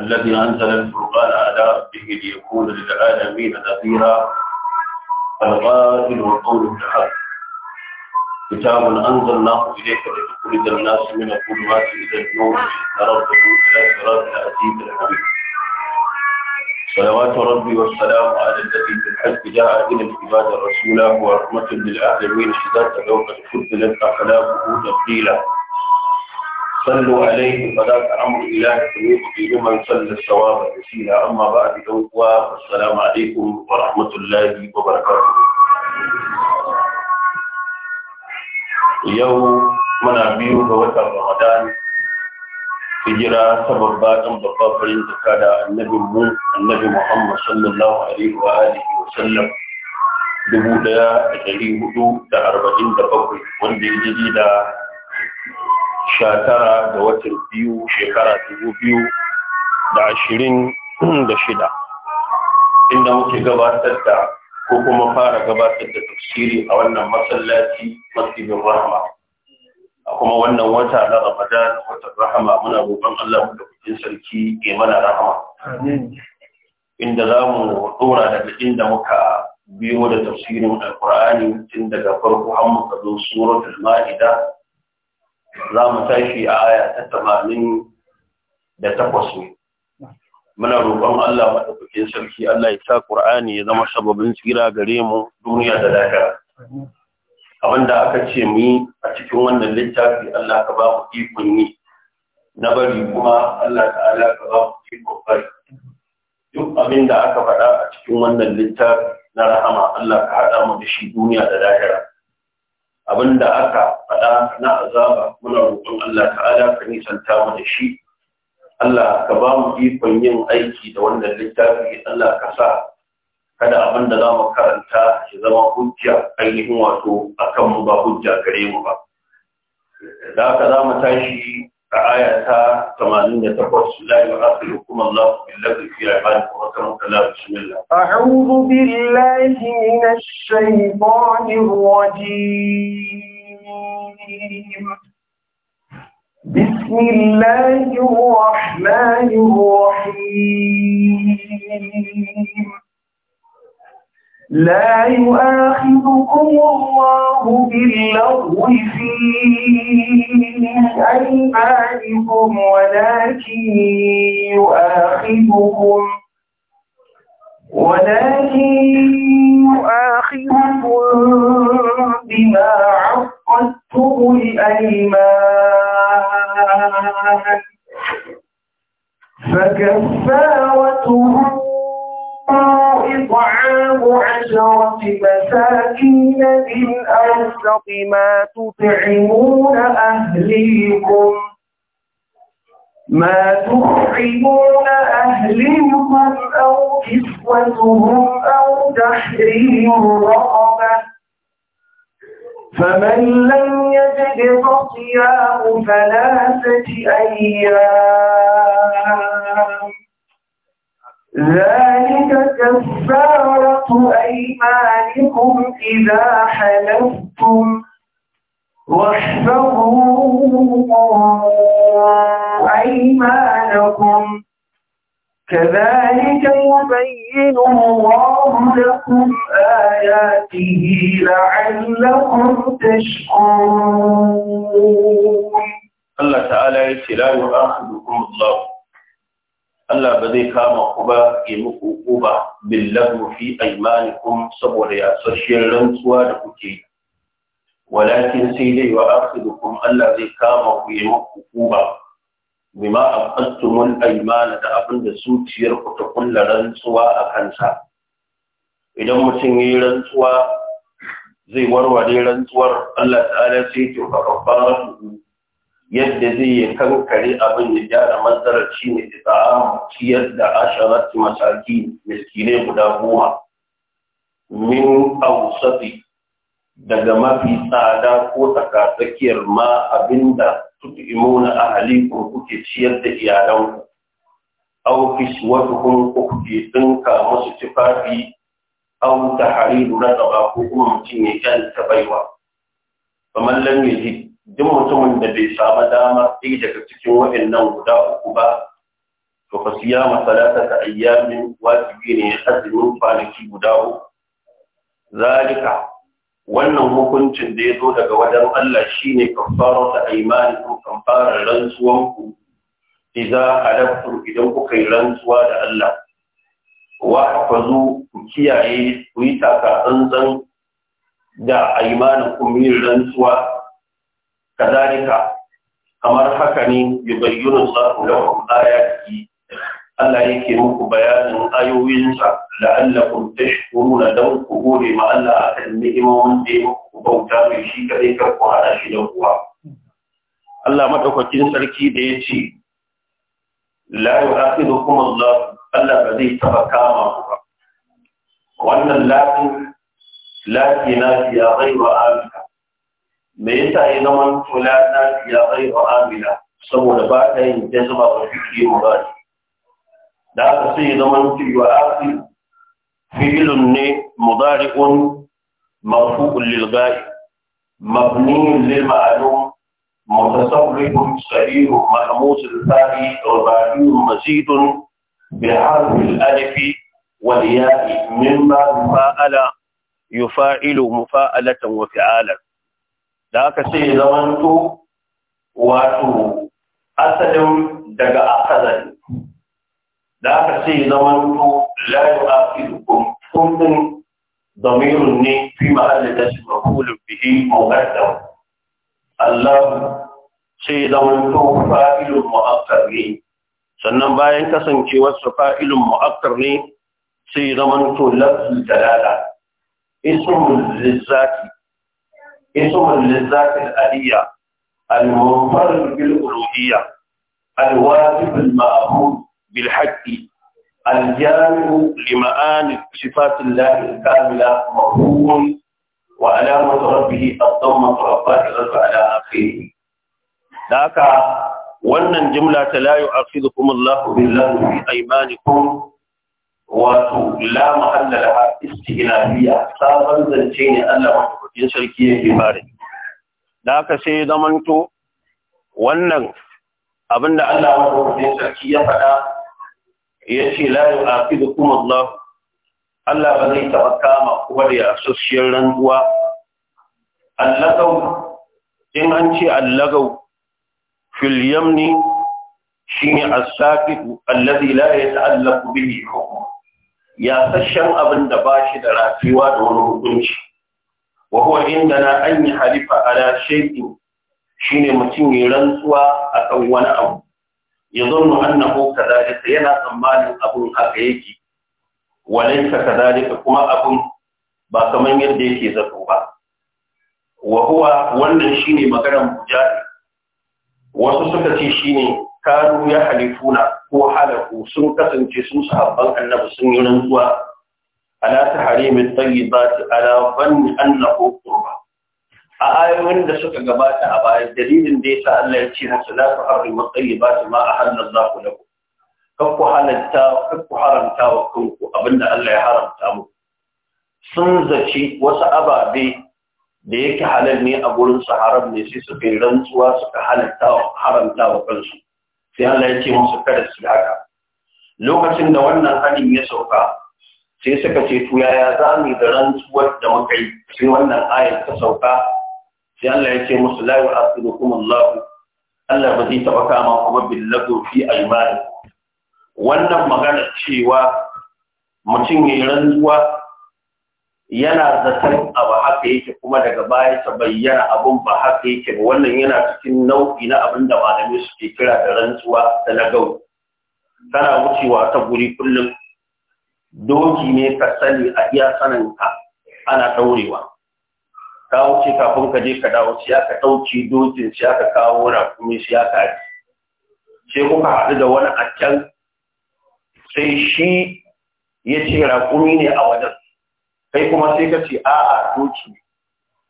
الذي أنزل الفرقان على ربه ليكون للعالمين نذيرا القائل وقوله الحق كتاب أنزلناه إليك لتخرج الناس من الظلمات إلى النور بإذن ربه إلى صراط العزيز الحميد صلوات ربي والسلام على الذي في الحج جاء إلى العباد رسولا ورحمة للعالمين إذا تلوك الحب لك أخلاقه تبديلا صلوا عليه فذاك امر الله يؤتي لمن صلى الثواب كثيرا اما بعد والسلام عليكم ورحمه الله وبركاته يوم muna biyu ga watan ramadan hijira ta babba ɗan babba farin jaka da annabin mu annabi muhammad sallallahu alaihi dubu ɗaya da ɗari hudu da arba'in da bakwai wanda ya da Shatara da watan biyu shekara dubu biyu da ashirin da shida inda muke gabatar da ko kuma fara gabatar da tafsiri a wannan masallaci masjidin rahama a kuma wannan wata na ramadan watan rahama muna roƙon allah mu da kuɗin sarki ke mana rahama inda za mu ɗora daga inda muka biyo da tafsirin alkur'ani tun daga farko har muka zo suratul ma'ida za mu tashi a aya ta tamanin da takwas ne muna roƙon Allah maɗaukakin sarki Allah ya sa Ƙur'ani ya zama sababin tsira gare mu duniya da Abin abinda aka ce mu yi a cikin wannan littafi Allah ka ba mu ikon yi na bari kuma Allah ta'ala ka ba mu ikon bari duk abin da aka faɗa a cikin wannan littafi na rahama Allah ka haɗa mu da shi duniya da lafiya. abinda aka faɗa na azaba muna roƙon Allah ta'ala ka nisanta mu da shi Allah ka ba mu ikon yin aiki da wannan littafi Allah ka sa kada da za mu karanta ya zama hujja ainihin wato akan mu ba hujja gare mu ba da haka za mu tashi 88 لا يؤاخذكم الله في لا بسم الله أعوذ بالله من الشيطان الرجيم بسم الله الرحمن الرحيم لا يؤاخذكم الله باللغو في أيمانكم ولكن يؤاخذكم ولكن يؤاخذكم بما عقدتم الأيمان فكفارته إطعام عشرة مساكين من أوسط ما تطعمون أهليكم ما تطعمون أهليكم أو كسوتهم أو تحرير رقبة فمن لم يجد صيام ثلاثة أيام ذلك كفارة أيمانكم إذا حلفتم واحفظوا أيمانكم كذلك يبين الله لكم آياته لعلكم تشكرون الله تعالى يتلاه يؤاخذكم الله Allah ba zai kama ku ba ya muku uba billahu fi aymanikum saboda yasasshiyar rantsuwa da kuke walakin sai dai wa akhidukum Allah zai kama ku ya muku ba bima aqattumul aymana da abin da zuciyar ku ta kulla rantsuwa a kansa idan mutum yayi rantsuwa zai warware rantsuwar Allah ta'ala sai to fa yadda zai yi kankare abin ya gyara matsalar shi ne ita'amu ciyar da asharat masaki miskine guda goma min ausati daga mafi tsada ko tsakatsakiyar ma abinda a ahalikum kuke ciyar da iyalanku aw kiswatuhum ko kuke dinka musu tufafi hari na radaba ko kuma mutum ya kyanta baiwa faman lam yajid duk mutumin da bai samu dama ɗaya daga cikin waɗannan guda uku ba to fa siyama ta ayyamin wajibi ne azumin kwanaki guda uku zalika wannan hukuncin da ya zo daga wajen Allah shi shine faro da aimani ko kamfarar rantsuwan ku a halaftum idan kuka yi rantsuwa da Allah wa zo ku kiyaye ku yi taka tsantsan da aimanin ku rantsuwa kazalika kamar haka ne yubayyinu Allahu lakum ayatihi Allah yake muku bayanin ayoyinsa la'allakum tashkuruna dan ku gode ma Allah akan ni'imomin da ya muku bauta mai shi kadai kar ku hada shi da kuwa Allah madaukakin sarki da ya ce la yu'akhidukum Allah Allah ba zai taba kama ku ba wannan lafin lafi na ya ghayra amika me yasa ya zama tola na ya kai wa amila saboda ba ta yin jazma wa fiye murari da aka sai ya zama cewa afi fi'ilun ne mudari'un marfu'un lil ghaib mabni lil ma'lum متصرف صحيح محمود الثاني رباعي مزيد بحرف الالف والياء مما فاعل يفاعل مفاعله وفعالا da aka ce zamanto wato asalin daga akazari da aka ce zamanto layu afiru kumbin domirin ne fi ma'alin da shi makulun bihi mugaddam Allah ce zamanto fa'ilun mu'akkar ne sannan bayan kasancewarsa fa'ilun mu'akkar ne sai zamanto lafzi dalala ismul lizzati اسم للذات الآلية المنفرد بالألوهية الواجب المأخوذ بالحق الجامع لمآن صفات الله الكاملة مرهون وعلامة ربه الضمة ربات الأرض على آخره ذاك وأن الجملة لا يؤاخذكم الله بالله في أيمانكم wato la mahalla laha istighnafiya sabon zance ne Allah madaukakin sarki yake bare da haka sai zamanto wannan abinda Allah madaukakin sarki ya faɗa ya ce la yu'aqidukum Allah Allah ba zai taɓa kama kuwa da yasushiyar rantsuwa allagau in an ce allagau fil yamni shine as-saqit alladhi la yata'allaqu bihi hukm ya sashen abin da ba shi da rafiwa da wani hukunci wa inda na an yi halifa ala shi shine mutum ya rantsuwa a kan wani abu ya zannu annahu kadhalika yana tsammanin abin haka yake ka kadhalika kuma abin ba kaman yadda yake zato ba wa huwa wannan shine magaran bujari, wasu suka ce shi ne. kanu ya halifuna ko halaku sun kasance sun sahabban annabi sun yi rantsuwa ala tahrimin tayyibat ala ban annahu qurba a ayoyin da suka gabata a baya dalilin da yasa Allah ya ce hasa la ba ta ma ahalla Allah lakum kakku halatta kakku haramta wa kanku abinda Allah ya haramta mu sun zaci wasu ababe da yake halal ne a gurin su haram ne sai su kai rantsuwa suka halatta haramta wa kansu sai Allah ya ce musu kada su haka lokacin da wannan hanin ya sauka sai suka ce to yaya za mu da rantsuwar da muka yi sai wannan ayar ta sauka sai Allah ya ce musu la yu'akhidukum Allah Allah ba zai taba kama kuma billahu fi aymani wannan magana cewa mutum ya rantsuwa yana zaton abu haka yake kuma daga baya ta bayyana abun ba haka yake ba wannan yana cikin nau'i na abin da malamai suke kira da rantsuwa da na gau Tana wucewa ta guri kullum doki ne ka sani a iya saninka ana ɗaurewa ka wuce kafin ka je ka dawo sai aka ɗauki dokin sai aka kawo rakumi sai aka yi sai kuka haɗu da wani a can sai shi ya ce rakumi ne a wajen kai kuma sai ka ce a'a doki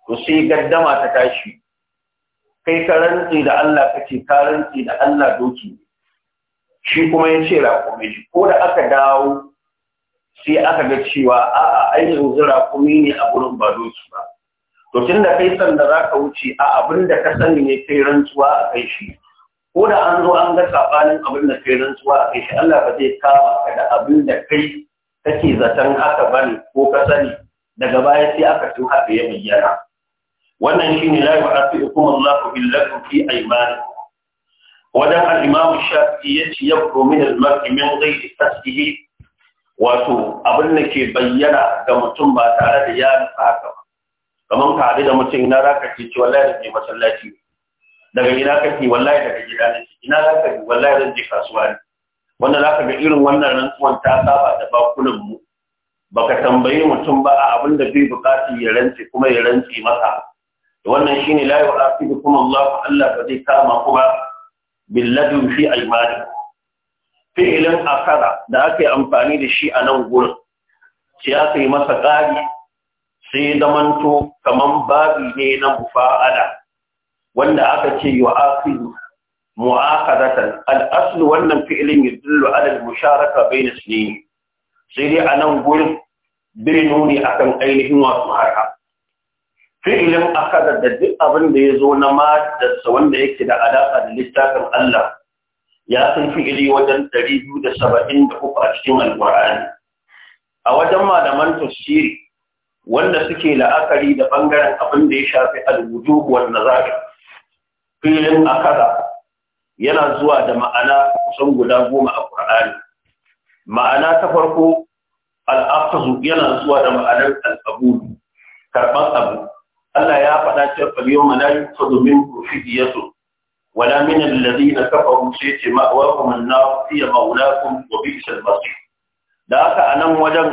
to sai gaddama ta tashi kai ka rantsi da Allah ka ce ka rantsi da Allah doki shi kuma ya ce raƙumi shi ko da aka dawo sai aka ga cewa a'a ai yanzu raƙumi ne a gurin ba doki ba to tun da kai sanda za ka wuce a abin da ka sani ne kai rantsuwa a kai shi ko da an zo an ga saɓanin abin da kai rantsuwa a kai shi Allah ba zai kama ka da abin da kai kake zaton haka bane ko ka sani daga baya sai aka tun haka ya bayyana wannan shine la yu'afikum Allahu billahi fi aymanikum wadan al-imam shafi'i yace yabru min al-mar'i min ghairi tasbihi wato abin da ke bayyana ga mutum ba tare da ya nufa haka ba kamar ka haɗu da mutum ina za ka ce ce wallahi da ke masallaci daga gida ka ce wallahi daga gida ne ina za ka ce wallahi zan je kasuwa ne wanda za ka ga irin wannan rantsuwan ta saba da bakunanmu ba ka tambayi mutum ba a abin da bai buƙatar ya rantse kuma ya rantse masa wannan shine la yu'aqibu kuma Allah Allah ba zai kama kuma ba billadu fi aymani fi'ilin akara da aka yi amfani da shi a nan gurin sai aka yi masa ƙari sai zamanto kaman babi ne na mufa'ala wanda aka ce yu'aqibu mu'akazatan al'aslu wannan fi'ilin ya dillo alal musharaka bai na sinini sai dai a nan gurin birnu akan ainihin wasu haka fi'ilin akaza da duk abin da ya zo na matarsa wanda yake da alaƙa da littafin Allah ya san fi'ili wajen 273 a cikin alƙur'ani a wajen malaman tafsiri wanda suke la'akari da bangaren abin da ya shafi alwudu wan nazari fi'ilin akaza yana zuwa da ma'ana kusan guda goma a Qur'ani ma'ana ta farko al yana zuwa da ma'anar al-qabul karban abu Allah ya faɗa cewa al-yawma domin yuqadu minkum fidyatun wala min alladhina kafaru sayati ma'waakum an-nar hiya mawlaakum wa bi'sa al-masir da haka anan wajen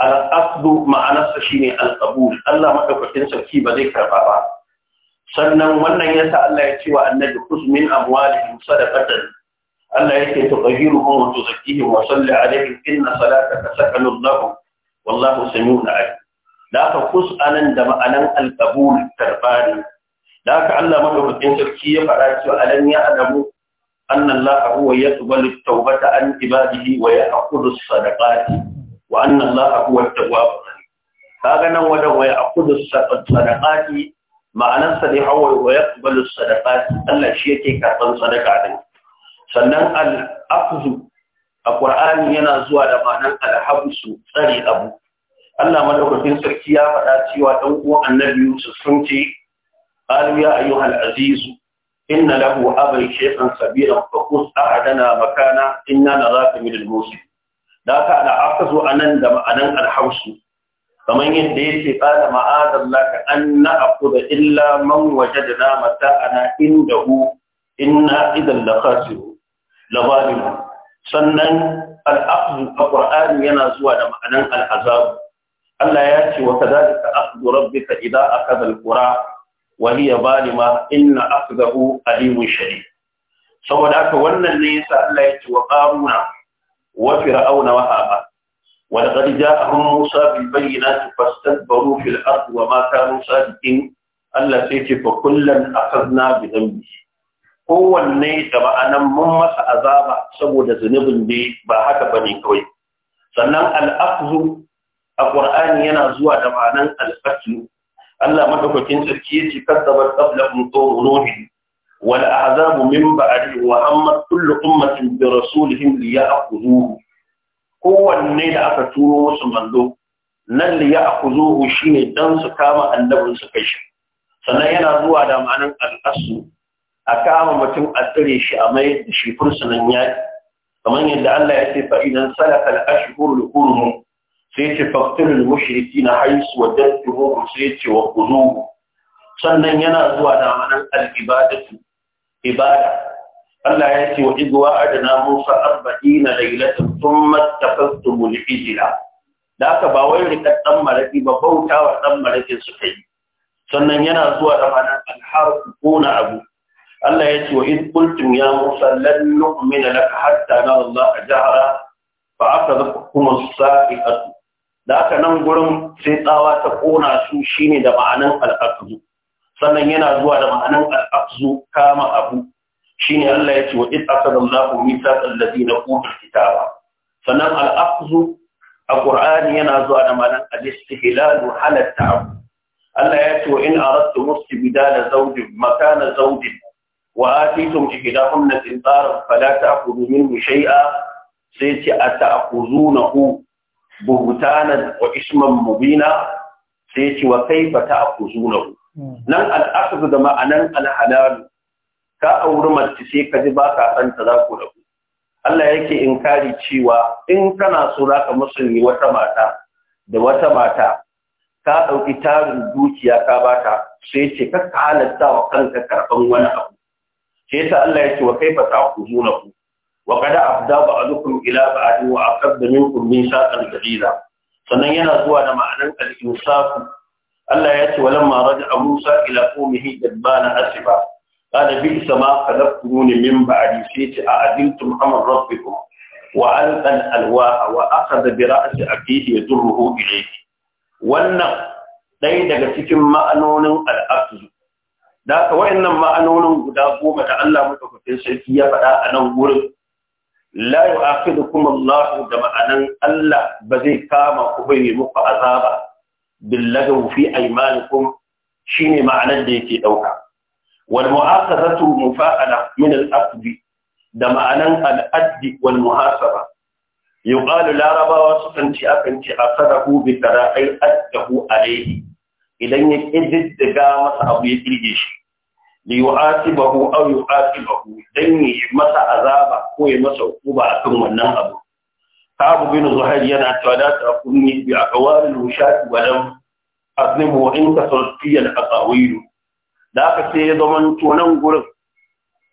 al-aqdu ma'anarsa shine al Allah madaukakin sarki ba zai karba ba sannan wannan yasa Allah ya ce wa annabi kusmin amwalihim sadaqatan Allah yake tuqahiruhum wa tuzakkihim wa salli alaihim inna salataka sakanun lahum wallahu samiun alim da ka kus anan da ma'anan alqabul tarbani da ka Allah madaukakin sarki ya fara cewa alam ya adamu anna Allah huwa yaqbalu at-taubata an ibadihi wa ya'khudhu as-sadaqati wa anna Allah huwa at-tawwab kaga nan wadan wa ya'khudhu as-sadaqati ma'anarsa ne hawa wa yaqbalu sadaqat Allah shi yake karban sadaka din sannan al-aqzu a Qur'ani yana zuwa da ma'anar al-habsu tsare abu Allah madaukakin sarki ya faɗa cewa dan uwan Annabi Yusuf sun ce qalu ya ayyuhal aziz inna lahu aban shaykhan kabira fa qus ahadana makana inna naraka min al-musib da ka al-aqzu anan da ma'anar al-habsu kamar yadda ya ce da ma'adallah ka an na da illa man waje da na mata ana inda hu inna idan da khasiru labarin sannan al'afu a ƙwar'ani yana zuwa da ma'anan al'azabu Allah ya ce wa ka zaɗi ka aku rabbika idan aka zalkura wa bani balima inna akhdahu alimun shari saboda haka wannan ne Allah ya ce wa qaruna wa fir'auna wa haɓa ولقد جاءهم موسى بالبينات فاستكبروا في الارض وما كانوا صادقين Allah sai ce fa kullun bi kowanne da ma'anan mun masa azaba saboda zunubin da ba haka bane kawai sannan al a ƙur'ani yana zuwa da ma'anan al-qatl Allah madaukakin sarki yace kaddaba qablahum nuhi wal ahzabu min ba'di wa amma kullu ummatin bi rasulihim liya'khudhuhu kowanne da aka turo musu manzo nan li shi shine dan su kama annabin su kai shi sannan yana zuwa da ma'anar al'asu a kama mutum a tsire shi a mai da shi fursunan yaki kamar yadda Allah ya ce fa idan salaka al-ashhurul hurum sai ce faqtulul mushrikeena haythu wajadtuhum sai ce wa khuzuhu sannan yana zuwa da ma'anar al-ibadatu ibada Allah ya ce wa igwa adana Musa arba'ina lailatan thumma tafastumu al-ijla da aka ba wai rikar ɗan maraki ba bauta wa dan marakin suka yi sannan yana zuwa da ma'anar al kuna abu Allah ya ce wa in qultum ya Musa lan nu'mina laka hatta nara Allah jahra fa akhadhakum as-sa'iqatu da aka nan gurin sai tsawa ta kona su shine da ma'anar al sannan yana zuwa da ma'anar al kama abu shine Allah ya ce wa id akhadha Allahu mithaqal utul kitaba sannan al a Qur'ani yana zuwa da malan al-istihlalu halatta Allah ya ce wa in aradtu mustibdala zawjin makana zawjin wa atitum ihdahunna qintaran fala ta'khudhu minhu shay'a sai ce ata'khuzunahu buhtanan wa isman mubina sai ce wa kaifa ta'khuzunahu hmm. nan al-akhdhu da ma'anan al-halal ka auri mace sai ka ji ba ka san ta za ku rabu Allah yake inkari cewa in kana so za ka musulmi wata mata da wata mata ka ɗauki tarin dukiya ka bata sai ce ka halatta wa kanka karɓan wani abu sai ta Allah yake wa kaifa ku. wa qad afda ba'dukum ila ba'd wa aqadda minkum mithaqan ghaliza sannan yana zuwa da ma'anar al-insaf Allah ya ce walamma raja'a Musa ila qaumihi jadbana asiba قال بئس ما خلقتموني من بعدي سيت أعدلتم أمر ربكم وألقى الألواح وأخذ برأس أخيه يضره إليه wannan ɗaya daga cikin ma'anonin al'abdu da aka wayannan ma'anonin guda goma da Allah madaukakin sarki ya faɗa a nan wurin la yu'akhidukum Allah da ma'anan Allah ba zai kama ku bai muku azaba billahu fi aymanikum shine ma'anar da yake ɗauka wal mu'akhazatu mufa'ala min al-aqdi da ma'anan al-addi wal muhasaba yuqalu larabawa sukan ci akan ci asadahu bi tara'il addahu alayhi idan ya kididdiga masa abu ya kirge shi li yu'atibahu aw yu'atibahu dan yi masa azaba ko ya masa hukuma akan wannan abu Abu bin Zuhair yana cewa da ta kunni bi aqwalil wushati wa lam azlimu in kasarti al aqawil da aka sai ya zama tonan gurin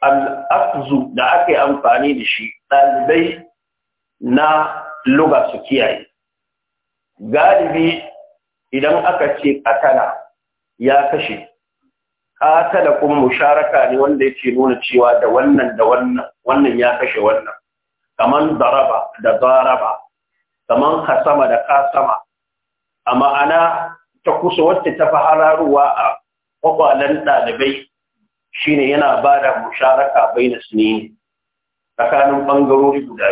al'afzu da aka yi amfani da shi ɗalibai na luga su kiyaye galibi idan aka ce katala ya kashe katala kuma musharaka ne wanda yake nuna cewa da wannan da wannan wannan ya kashe wannan kaman daraba da zaraba kaman kasama da kasama a ma'ana ta kusa wacce ta fi hararuwa a kwakwalen ɗalibai ne yana ba da musharaka bai na sini tsakanin ɓangarori guda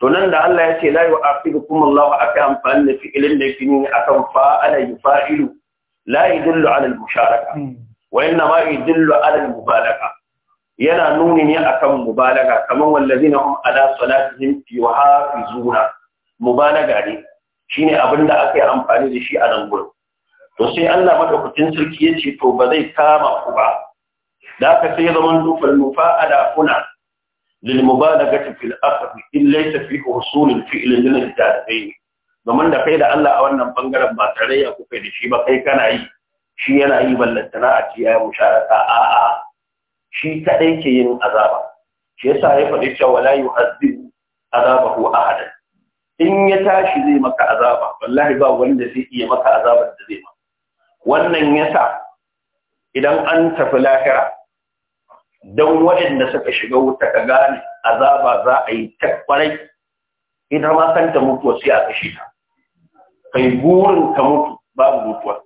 to nan da Allah ya ce la yu kuma Allah aka amfani da fi'ilin da yake akan fa'ala yufa'ilu la yadullu ala al-musharaka hmm. wa innama yadullu mubalaga yana nuni ne akan mubalaga kamar wallazina na ala salatihim yuhafizuna mubalaga ne shine abinda aka yi amfani da shi a nan gurin to sai Allah madaukakin sarki ya ce to ba zai kama ku ba da aka sai zaman dufal mufa'ada kuna lil mubalagati fil akhd in laysa fi husul al fi'l min al Domin da kai da Allah a wannan bangaren ba tarayya ku kai da shi ba kai kana yi shi yana yi ballantana a ci ya musharaka a'a shi kadai ke yin azaba shi yasa ya faɗi cewa la yu'azzibu azabahu ahadan in ya tashi zai maka azaba wallahi ba wanda zai iya maka azabar da zai maka wannan yasa idan an tafi lahira don waɗanda suka shiga wuta ka gane azaba za a yi ta kwarai ita ma kanta mutuwa sai a kashe ta kai burin ka mutu babu mutuwa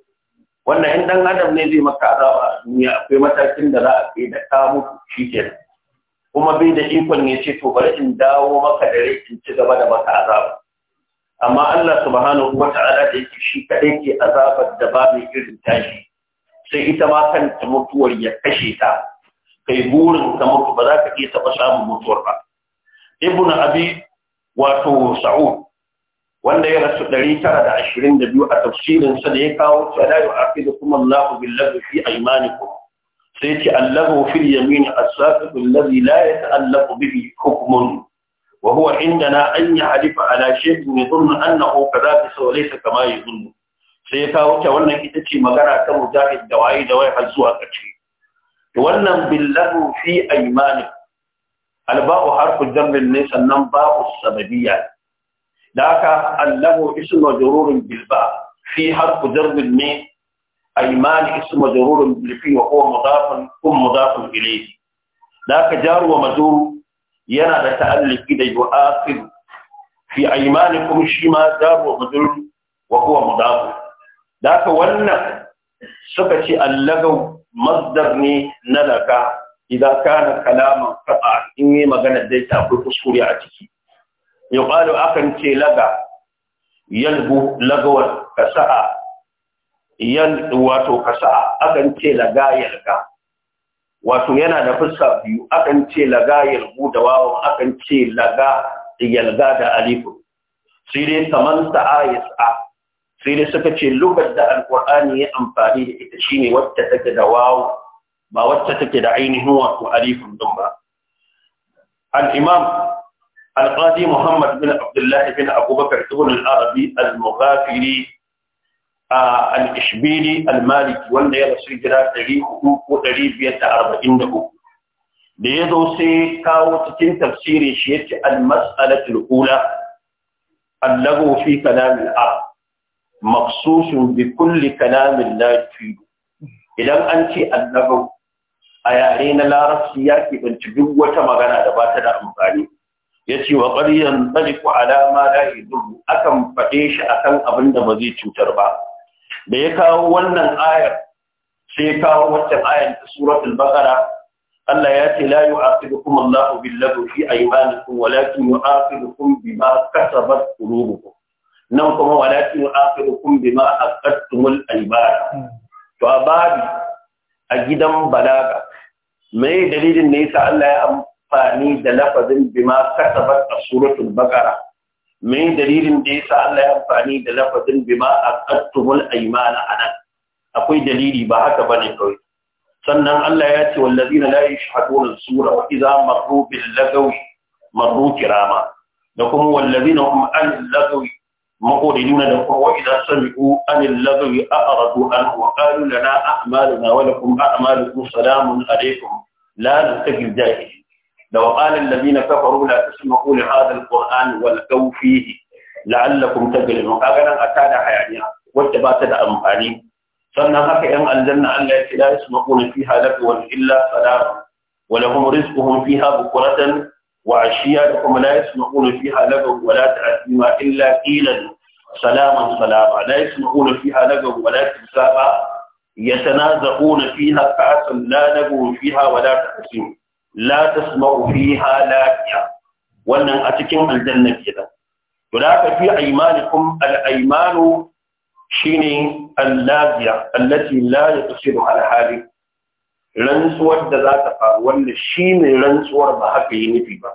wannan in dan adam ne zai maka azaba a duniya akwai matakin da za a kai da ka mutu shikenan kuma bai da ikon ne ce to bari in dawo maka da rai in ci gaba da maka azaba amma Allah subhanahu wa ta'ala da yake shi kadai ke azabar da ba mai irin tashi sai ita ma kanta mutuwar ya kashe ta kai burin ta mutu ba za ka iya taɓa samun mutuwar ba ibnu abi wato sa'ud wanda ya rasu 922 a tafsirin sa da ya kawo ta la yu'aqidukum Allahu bil ladhi fi aymanikum sai ce allahu fil yamin as-saqiq alladhi la yata'allaqu bihi hukmun وهو عندنا أن يعرف على شيء يظن أنه كذلك وليس كما يظن سيكاوك وانا كتتي مغانا كمجاهد دوائي دوائي حزوها كتشي وانا بالله في أيمانك الباء حرف الجر ليس النباء السببية ذاك الله اسم مجرور بالباء في حرف جر من أيمان اسم مجرور بالفي وهو مضاف ثم مضاف إليه ذاك جار ومجرور yana da ta'alliki da yu'akhir fi aymanikum shi ma dabu mudur wa huwa mudaf da ka wannan suka ce allagaw masdar ne na laka idan kana kalaman faɗa, in yi magana zai tafi kuskure a ciki yuqalu akan ce laga yalbu lagawar kasa'a yan wato kasa'a akan ce laga yalga wato yana da fuska biyu akan ce laga yalgu da wawa, akan ce laga yalga da alifu sai dai saman sa'a ya sa'a sai dai suka ce lugar da alkur'ani ya amfani da ita shine wacce take da wawan ba wacce take da ainihin wato alifun din ba al-imam al-qadi muhammad bin abdullah bin abubakar ibn al-arabi al-mughafiri al-ishbili al-maliki wanda ya rasu jira 400 ko da ya zo sai kawo cikin tafsiri shi ya al-mas'alatul ula allago fi kalamil a maqsusun bi kulli kalamin idan an ce allago a yare na larabci ya keɓanci duk wata magana da ba ta da amfani ya ce wa ƙaryan tsariku alama da idun akan faɗe shi akan abin da ba zai cutar ba da ya kawo wannan ayar sai ya kawo wancan ayar ta suratul baqara Allah ya ce la yu'aqibukum Allahu bil lagwi fi aymanikum walakin yu'aqibukum bima kasabat qulubukum nan kuma walakin yu'aqibukum bima aqadtumul aymana to abadi a gidan balaga mai dalilin ne yasa Allah ya amfani da lafazin bima kasabat suratul baqara me dalilin da yasa Allah ya amfani da lafazin bima aqattumul aymana anan akwai dalili ba haka ne kawai sannan Allah ya ce wallazina la yashhaduna sura wa idza marru bil lagawi marru kirama da kuma wallazina hum lagawi لكم وإذا سمعوا أن اللغو أعرضوا عنه وقالوا لنا أعمالنا ولكم أعمالكم سلام عليكم لا نتقي الجاهلين لو قال الذين كفروا لا تسمعوا لهذا القرآن ولقوا فيه لعلكم تجلبون kaga nan a tada hayaniya wacce ba ta da amfani sannan haka yan aljanna Allah ya ce la yasma'una fiha lagwan illa salam wa lahum rizquhum fiha bukratan wa ashiya da kuma la yasma'una fiha lagwan wa la ta'sima illa qilan salaman salama la yasma'una fiha lagwan wa la tisaba yatanaza'una fiha ka'asan la lagu fiha wa la ta'sima la tasma'u fiha lafiya wannan a cikin aljanna kenan to da ka fi aymanikum al shine al-lafiya allati la rantsuwar da za ta faru wanda shi ne rantsuwar ba haka yi nufi ba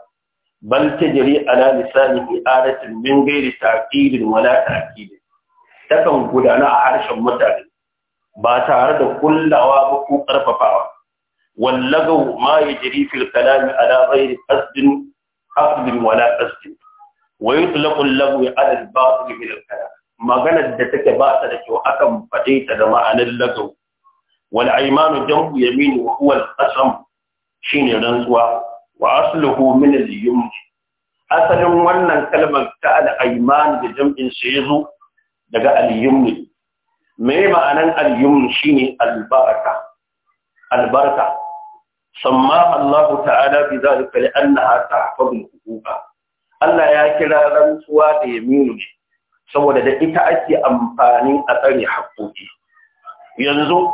bal tajri ala lisanihi adatin min ghairi ta'qidin wala ta'qidin takan gudana a harshen mutane ba tare da kullawa ba ko ƙarfafawa wallagaw ma yajri fil kalam ala ghairi qasdin aqdin wala qasdin wa yutlaqu al-lagwi ala al-batil min al-kalam maganar da take ba ta da kyau akan fade ta da ma'anar lagau. wal aymanu jambu yamin wa huwa al-qasam shine rantsuwa wa asluhu min al asalin wannan kalmar ta al-ayman da jam'in sa yazo daga al-yumn me ma'anar al shine al-baraka albarka samma Allah ta'ala bi zalika li annaha kuka. Allah ya kira rantsuwa da yaminu ne saboda da ita ake amfani a tsare haƙoƙi yanzu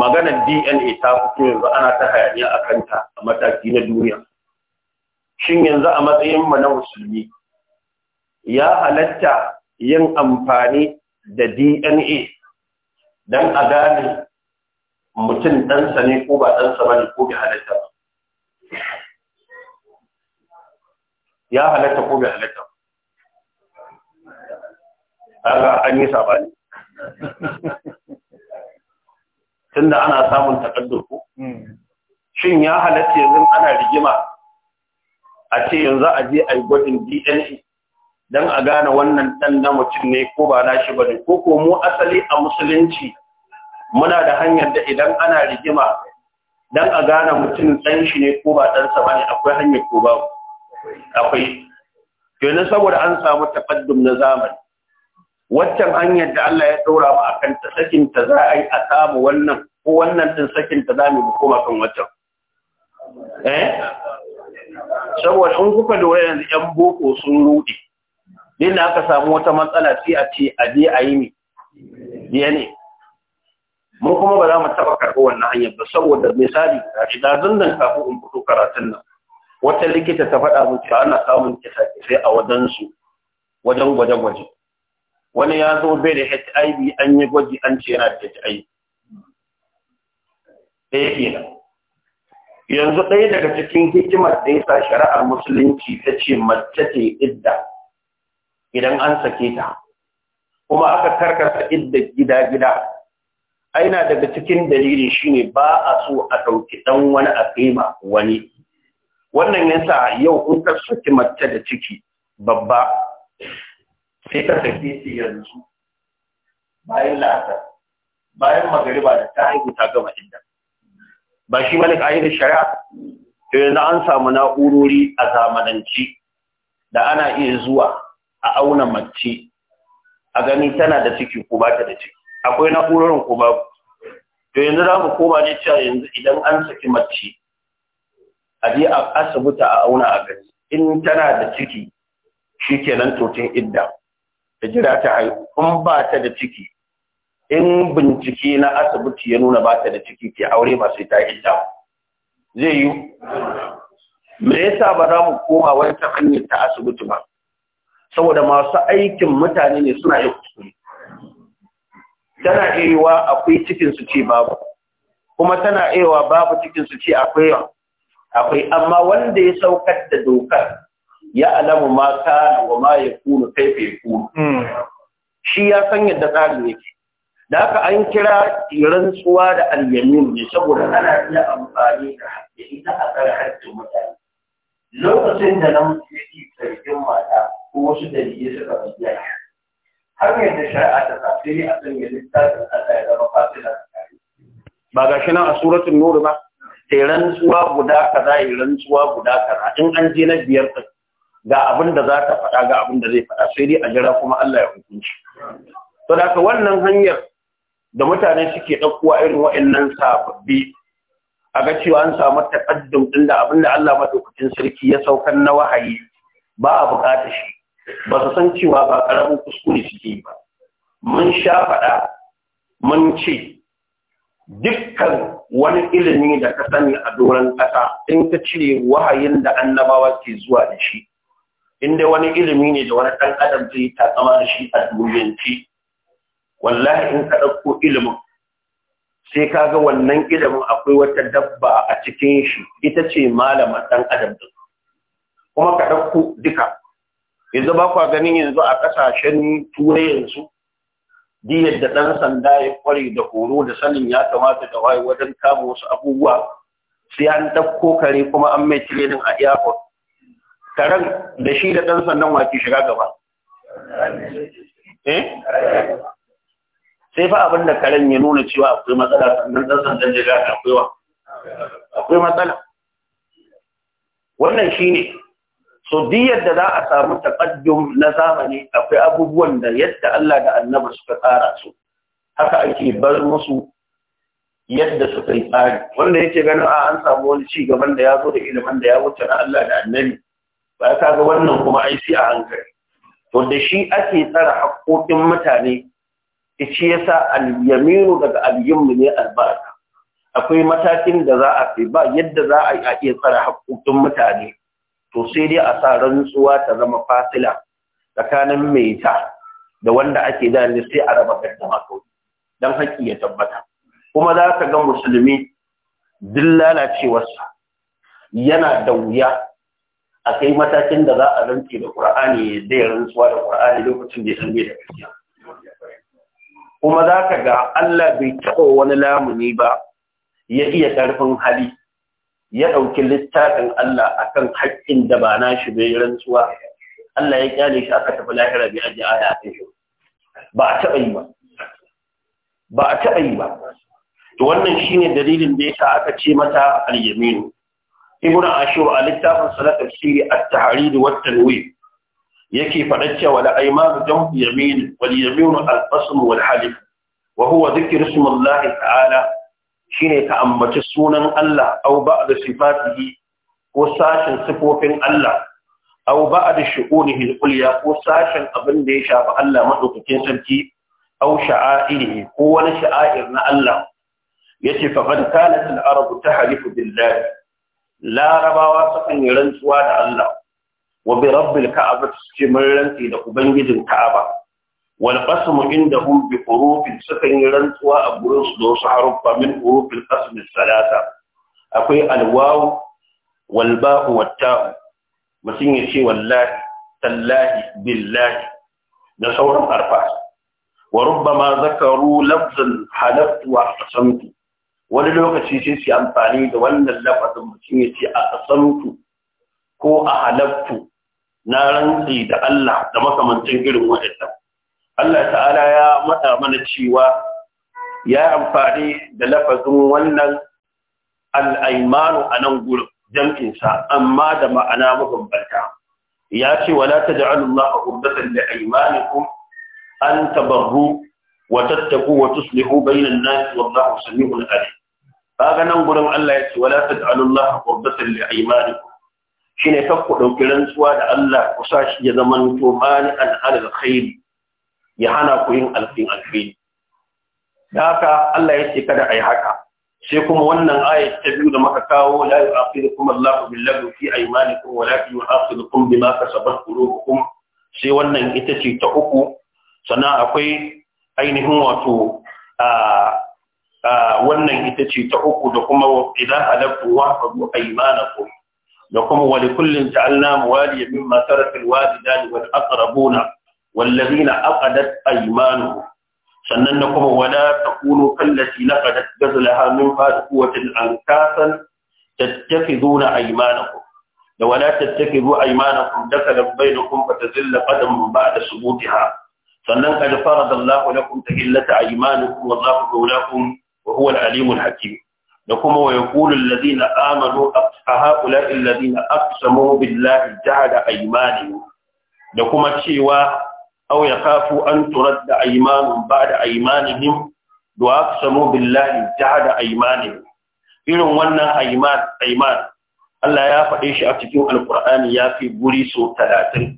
maganar DNA ta fito yanzu ana ta hayaniya a kanta a mataki na duniya shin yanzu a matsayin mu na musulmi ya halatta yin amfani da DNA don a gane mutum ɗansa ne ko ba ɗansa ba ne ko bai halatta ba ya halatta ko bai halatta ba kaga an yi sabani tunda ana samun takaddur ko shin ya halatta yanzu ana rigima a ce yanzu a je a yi gwajin DNA don a gane wannan ɗan na mutum ne ko ba na shi ba ne ko ko mu asali a musulunci muna da hanyar da idan ana rigima dan a gane mutum dan shi ne ko ba dan ba ne akwai hanyar ko ba akwai yana saboda an samu taqaddum na zamani waccan hanyar da Allah ya daura mu akan ta sakin ta za a yi a samu wannan ko wannan din sakin ta za mu koma kan waccan eh saboda in kuka da yanzu, yan boko sun rudi din aka samu wata matsala sai a ce a je a yi ne ne mu kuma ba za mu taɓa karɓi wannan hanyar ba saboda misali da zandan kafin in fito karatun nan wata likita ta faɗa min cewa ana samun kisa sai a wajensu wajen gwaje-gwaje wani ya zo bai da HIV an yi gwaji an ce yana da HIV ɗaya kenan yanzu ɗaya daga cikin hikimar da ya sa shari'ar musulunci ta ce mace ce idda idan an sake ta kuma aka karkasa idda gida-gida aina daga cikin dalilin shine ba a so a ɗauki ɗan wani a kaima wani wannan yasa yau in ka saki mace da ciki babba sai ka tafi shi yanzu bayan la'asar bayan magariba da ta haihu ta gama inda ba shi bane ka'idar shari'a to yanzu an samu na'urori a zamananci da ana iya zuwa a auna mace a gani tana da ciki ko ba ta da ciki akwai na'urorin ko babu to yanzu za mu koma ne cewa yanzu idan an saki mace a je a asibiti a auna a gani in tana da ciki shi nan totin idda da jira ta haihu in ba ta da ciki in bincike na asibiti ya nuna ba ta da ciki ke aure ba sai ta idda zai yi me yasa ba za mu koma wani ta hanyar ta asibiti ba saboda masu aikin mutane ne suna yin kuskure tana iya akwai cikin ce babu kuma tana iya babu cikin ce akwai akwai amma wanda ya saukar da dokar ya alamu ma kana wa ma yakunu ya yakunu hmm. shi ya san yadda tsarin yake da haka an kira rantsuwa da alyamin ne saboda ana iya amfani da ita a tsare mutane lokacin da namiji yake tsarkin mata ko wasu dalilai suka bayyana shari'a ta a littafin ya zama fasila ba ga shi nan a suratul nur ba sai rantsuwa guda kaza yi rantsuwa guda kaza in an je na biyar ɗin ga abin da za ta faɗa ga abin da zai faɗa sai dai a jira kuma Allah ya hukunci to da wannan hanyar da mutane suke ɗaukowa irin wa'annan sababbi a ga cewa an samu taƙaddum ɗin da abin da Allah madaukakin sarki ya saukan na wahayi ba a buƙatar shi ba su san cewa ba ƙaramin kuskure suke yi ba mun sha faɗa mun ce dukkan wani ilimi da ka sani a doron ƙasa in ka cire wahayin da annabawa ke zuwa da shi inda wani ilimi ne da wani ɗan adam zai takama da shi a duniyance wallahi in ka ɗauko ilimin sai ka ga wannan ilimin akwai wata dabba a cikin shi ita ce malama ɗan adam kuma ka ɗauko duka yanzu ba kwa ganin yanzu a ƙasashen turai yanzu di yadda ɗan sanda ya kware da horo da sanin ya kamata da waye wajen kama wasu abubuwa sai an ɗauko kare kuma an mai training a airport karen da shi da ɗan sandan waki shiga gaba eh? sai fa abin da karen ya nuna cewa akwai matsala sannan ɗan sandan ya akwai wa akwai matsala wannan shi ne so di yadda za a samu taƙaddum na zamani akwai abubuwan da yadda Allah da annaba suka tsara su haka ake bar musu yadda suka yi tsari wanda yake ganin a an samu wani ci gaban da ya zo da ilimin da ya wuce na Allah da annabi ba ka ga wannan kuma ai sai a hankali to da shi ake tsara haƙoƙin mutane shi yasa al-yaminu daga al-yamnu ne albaraka akwai matakin da za a fi ba yadda za a iya tsara haƙoƙin mutane to sai dai a sa rantsuwa ta zama fasila tsakanin mai ta da wanda ake da ne sai a raba gaddan haka dan haƙƙi ya tabbata kuma za ka ga musulmi duk lalacewarsa yana da wuya a kai matakin da za a rantse da Qur'ani da ya rantsuwa da Qur'ani lokacin da ya san da gaskiya kuma za ka ga Allah bai taɓa wani lamuni ba ya iya ƙarfin hali ya ɗauki littafin Allah akan haƙƙin da ba na shi bai rantsuwa Allah ya kyale shi aka tafi lahira bai aje aya a shi ba a taɓa yi ba ba a taɓa yi ba to wannan shine dalilin da yasa aka ce mata al-yaminu ibnu ashur a littafin salat tafsiri at-tahrid wa at-tanwir yake faɗa cewa la aymanu jam'u yamin wal yaminu al-qasm wal halif wa huwa dhikr ismi Allah ta'ala shine ka ambaci sunan Allah aw ba'da sifatihi ko sashin sifofin Allah aw ba'da shu'unihi al-ulya ko sashin abin da ya shafi Allah madaukakin sarki aw sha'airihi ko wani sha'air na Allah yace fa qad kanat al-arab tahlifu billahi larabawa sukan yi rantsuwa da Allah wa bi rabbil ka'aba suke mun rantsi da ubangijin ka'aba wal qasmu indahum bi hurufin sukan yi rantsuwa a gurin da wasu haruffa min hurufil qasmi salasa akwai alwaw wal ba'u wat ta'u mutum ya ce wallahi tallahi billahi da sauran arfa wa rubbama zakaru lafzan halaftu wa qasamtu wani lokaci sai su amfani da wannan lafazin mutum ya ce a qasamtu ko a halaftu na rantsi da Allah da makamancin irin waɗannan Allah ta'ala ya matsa mana cewa ya amfani da lafazin wannan al'aimanu a nan gurin jam'insa amma da ma'ana mabambanta ya ce wala taj'alullaha ummatan li'aymanikum an tabarru wa tattaqu wa tuslihu bainan nas sami samii'un alim kaga nan gurin Allah ya ce wala a taj'alullaha ummatan li'aymanikum shine kakku ɗauki rantsuwa da Allah ku sa shi ya zamanto mani an alal khairi ya hana ku yin alfin alfini da haka Allah ya ce kada a yi haka sai kuma wannan ayat ta biyu da maka kawo da a la yu'akhidukum Allahu billahi fi aymanikum walakin yu'akhidukum bima kasabat kuma. sai wannan ita ce ta uku sannan akwai ainihin wato wannan ita ce ta uku da kuma idan halaktu wa fadu aymanakum da kuma wa likullin ja'alna mawaliya mimma taraka alwalidani wal aqrabuna والذين أقدت أيمانهم sannan na kuma wala ta kuno kallaci na kadar gazalaha min fadi kuwatin an kasan tattafi zuna aimanakum da wala tattafi a aimanakum da kadan bainakum fa tazilla qadam ba'da subutiha sannan kad farada Allahu lakum tahillata aimanakum wallahu mawlakum wa huwa al-alim hakim da kuma wa yaqulu amanu ahaula alladhina aqsamu billahi jahada da kuma cewa aw yakhafu an turadda aymanun ba'da aymanihim wa aqsamu billahi jahada aymanihim irin wannan ayman ayman Allah ya faɗe shi a cikin alkur'ani ya fi guri so talatin.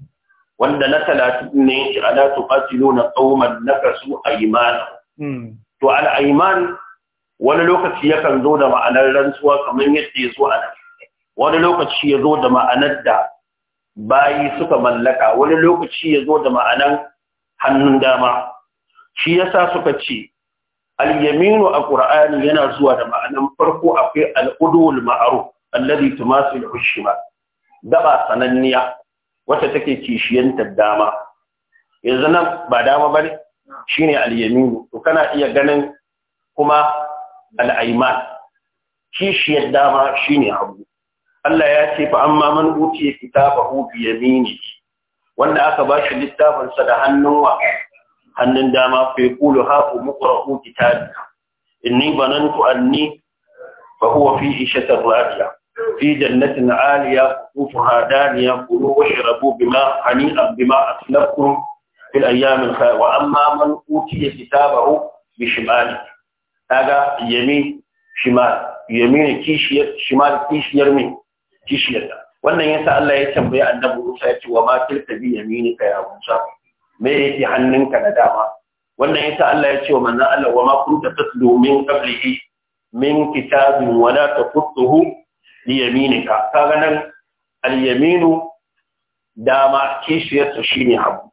wanda na talatin ne shi ala tuqatiluna qauman nakasu aymanahum to al ayman wani lokaci yakan zo da ma'anar rantsuwa kamar yadda ya zo a wani lokaci ya zo da ma'anar da bayi suka mallaka wani lokaci ya zo da ma'anan hannun dama shi yasa suka ce al-yaminu a ƙur'ani yana zuwa da ma'anan farko akwai al-udul ma'ruf alladhi tumasil ushma daba sananniya wacce take kishiyantar dama yanzu nan ba dama bane shine al-yaminu to kana iya ganin kuma al-ayman kishiyar dama shine hagu Allah ya ce fa amma man utiya kitabahu bi yaminihi wanda aka ba shi littafin sa da hannun wa hannun dama fa yaqulu ha umqra'u kitabi inni banantu anni fa huwa fi ishatin radiya fi jannatin aliya qutufuha daniya kulu washrabu bima hani'an bima aslaftum fil ayyam al khair wa amma man utiya kitabahu bi shimali kaga yamin shimal yamin kishiyar shimal kishiyar min kishiyarta wannan yasa Allah ya tambaye annabi Musa ya ce wa ma tilka bi yaminika ya Musa me yake hannunka na dama wannan yasa Allah ya ce wa manzon Allah wa ma kunta tatlu min qablihi min kitabin wa la taqutuhu bi yaminika kaga nan al-yaminu dama kishiyarsa shine Habu.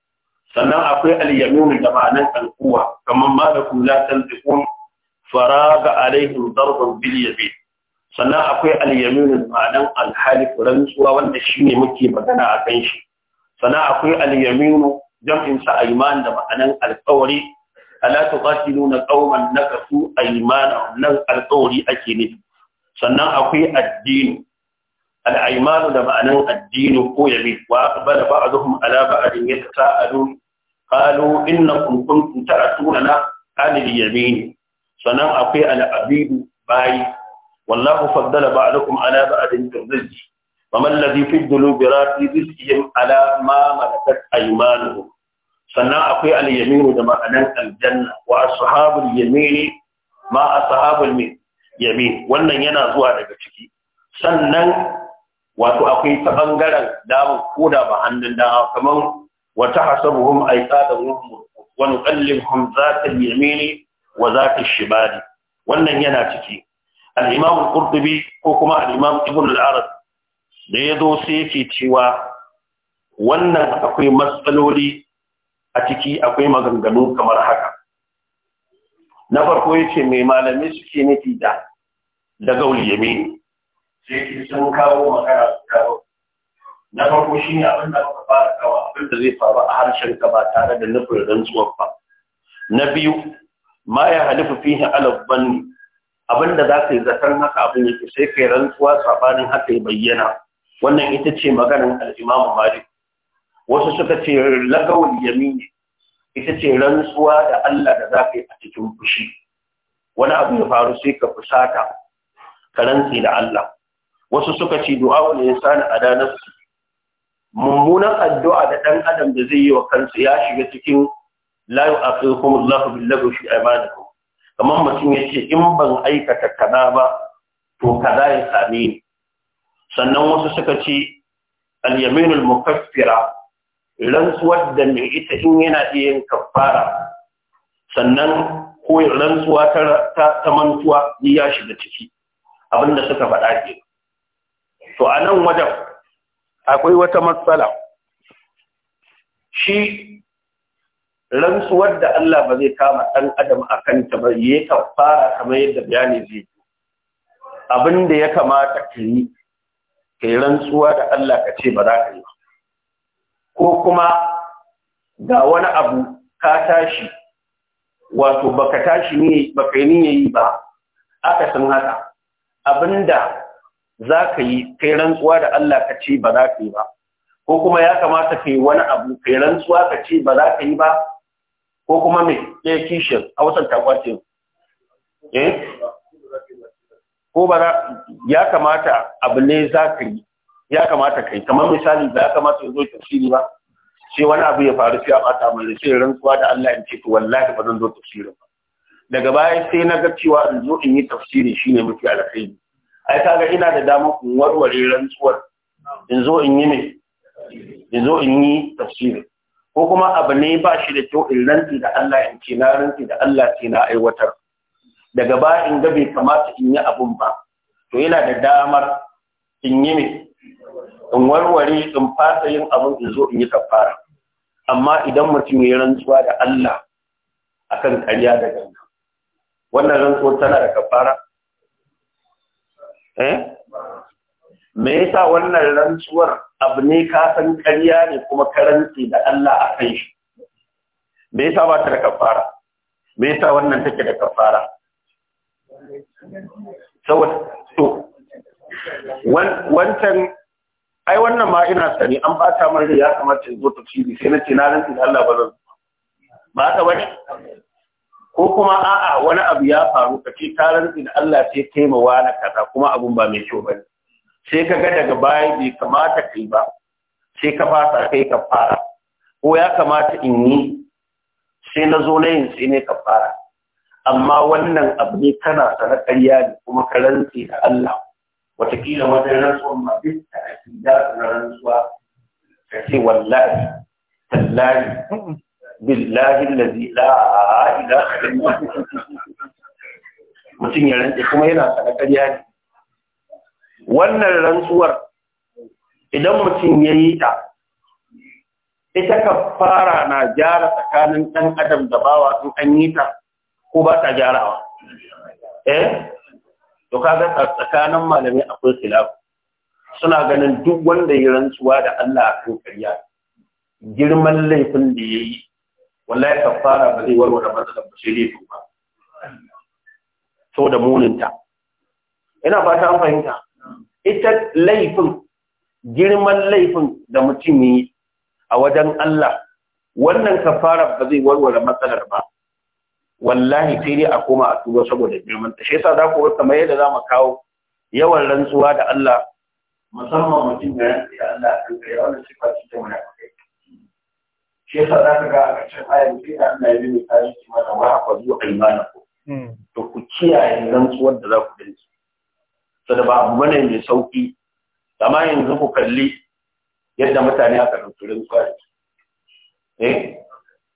sannan akwai al-yaminu da ma'anar al kamar kamar malakum kula tanfiqun faraga alaihim darban bil yamin sannan akwai al-yaminu ma'anan al-halif rantsuwa wanda shine muke magana a kan shi sannan akwai al-yaminu jam'in sa ayman da ma'anan alƙawari ala tuqatiluna qauman nakasu aymanahum nan alƙawari ake nufi sannan akwai addini al-aymanu da ma'anan addini ko yabi wa aqbala ba'dhum ala ba'din yatasaalun qalu innakum kuntum ta'tuna an al-yamin sannan akwai al-abidu bayi والله فضل بعضكم على بعض في الرزق وما الذي في الذنوب راقي رزقهم على ما ملكت ايمانهم sannan akwai al-yaminu da ma'anan aljanna wa ashabul yamini ma ashabul yamin wannan yana zuwa daga ciki sannan wato akwai ta bangaren damu ko da ba hannun dama kamar wata hasabuhum aiqadan wa nuqallihum zata al-yamini wa zata al-shimali wannan yana ciki al-imam al ko kuma al-imam ibn al da ya zo sai yake cewa wannan akwai matsaloli a ciki akwai maganganu kamar haka na farko yace mai malamai suke nufi da da gauli yamini sai sun kawo magana su kawo na farko shi ne abin da fara kawo abin da zai faru a harshen ka ba tare da nufin rantsuwar ba na biyu ma ya halifu fihi ala da za ka yi zaton haka abin fi sai kai rantsuwa sabanin haka ya bayyana wannan ita ce maganin al'imamu malik wasu suka ce lagawul yamini ita ce rantsuwa da Allah da za ka yi a cikin fushi wani abu ya faru sai ka fusata ka rantsi da Allah wasu suka ce du'a ne ya sani a danar mummunan addu'a da ɗan adam da zai yi wa kansa ya shiga cikin la yu'aqikum Allahu bil fi imanikum kamar mutum ya ce in ban aikata kaza ba to kaza ya same ni sannan wasu suka ce alyaminul mukaffira rantsuwar da mai ita in yana iya yin kaffara sannan ko rantsuwa ta mantuwa ni ya shiga ciki abinda suka faɗa ke to a nan wajen akwai wata matsala shi rantsuwar da Allah ba zai kama ɗan adam a kanta ba ya fara kamar yadda bayani zai abin da ya kamata ka yi ka yi rantsuwa da Allah ka ce ba za ka yi ba ko kuma ga wani abu ka tashi wato baka tashi ne ka yi yi ba aka san haka abinda za ka yi kai rantsuwa da Allah ka ce ba za ka yi ba ko kuma ya kamata ka yi wani abu kai rantsuwa ka ce ba za ka yi ba ko kuma me ɗaya kishin hausan ta kwace eh? ko ba ya kamata abu ne za ka yi ya kamata kai kamar misali ba ya kamata yanzu zo tafsiri ba sai wani abu ya faru sai a bata mai sai rantsuwa da Allah in ce to wallahi ba zan zo tafsirin ba daga baya sai na ga cewa in zo in yi tafsiri shine mafi alkhairi ai kaga ina da dama in warware rantsuwar in zo in yi ne in zo in yi ko kuma abu ne ba shi da kyau in rantsi da Allah in ce na rantsi da Allah ce na aiwatar daga ba in ga bai kamata in yi abun ba to yana da damar in yi mai in warware in fasa yin abin in zo in yi kafara amma idan mutum ya rantsuwa da Allah akan karya da ganga wannan rantsuwa tana da kafara eh me yasa wannan rantsuwar abu ne ka san ƙarya ne kuma karanci da Allah a kan shi me yasa ba ta da kafara me yasa wannan take da kafara saboda to wancan ai wannan ma ina sani an bata min da ya kamata in zo ta cibi sai na ce na rantsi da Allah ba zan ba ta bane ko kuma a'a wani abu ya faru ka ce ta rantsi da Allah sai taimawa na kaza kuma abun ba mai kyau bane sai ka ga daga baya bai kamata ka yi ba sai ka ba ta kai ka fara ko ya kamata in yi sai na zo na yin sai ne ka fara amma wannan abu ne kana sana ƙarya ne kuma ka rantse da Allah watakila wajen rantsuwar ma duk da ake da rantsuwa ka ce wallahi tallahi billahi lazi la ilaha illa mutum ya rantse kuma yana sana ƙarya ne wannan rantsuwar idan mutum ya yi ta ita kafara na gyara tsakanin ɗan adam da bawa in an yi ta ko ba ta gyarawa eh to ka ga tsakanin malamai akwai silaf suna ganin duk wanda ya rantsuwa da Allah a kan karya girman laifin da ya yayi wallahi fara ba zai warware da ba sai laifin ba da muninta ina fata an fahimta ita laifin girman laifin da mutum yi a wajen Allah wannan kafara ba zai warware matsalar ba wallahi sai dai a koma a tuba saboda girman ta shi yasa za ku kamar yadda za mu kawo yawan rantsuwa da Allah musamman mutum da ya da Allah kan kai wannan sifa ce ta munafiki shi yasa za ka ga a ƙarshen ayar sai da Allah ya bi misali ki mana wa hafazu aymanakum hmm. to ku kiyaye rantsuwar da za ku dinki su ba abu bane mai sauki amma yanzu ku kalli yadda mutane aka ɗauki rantsuwa eh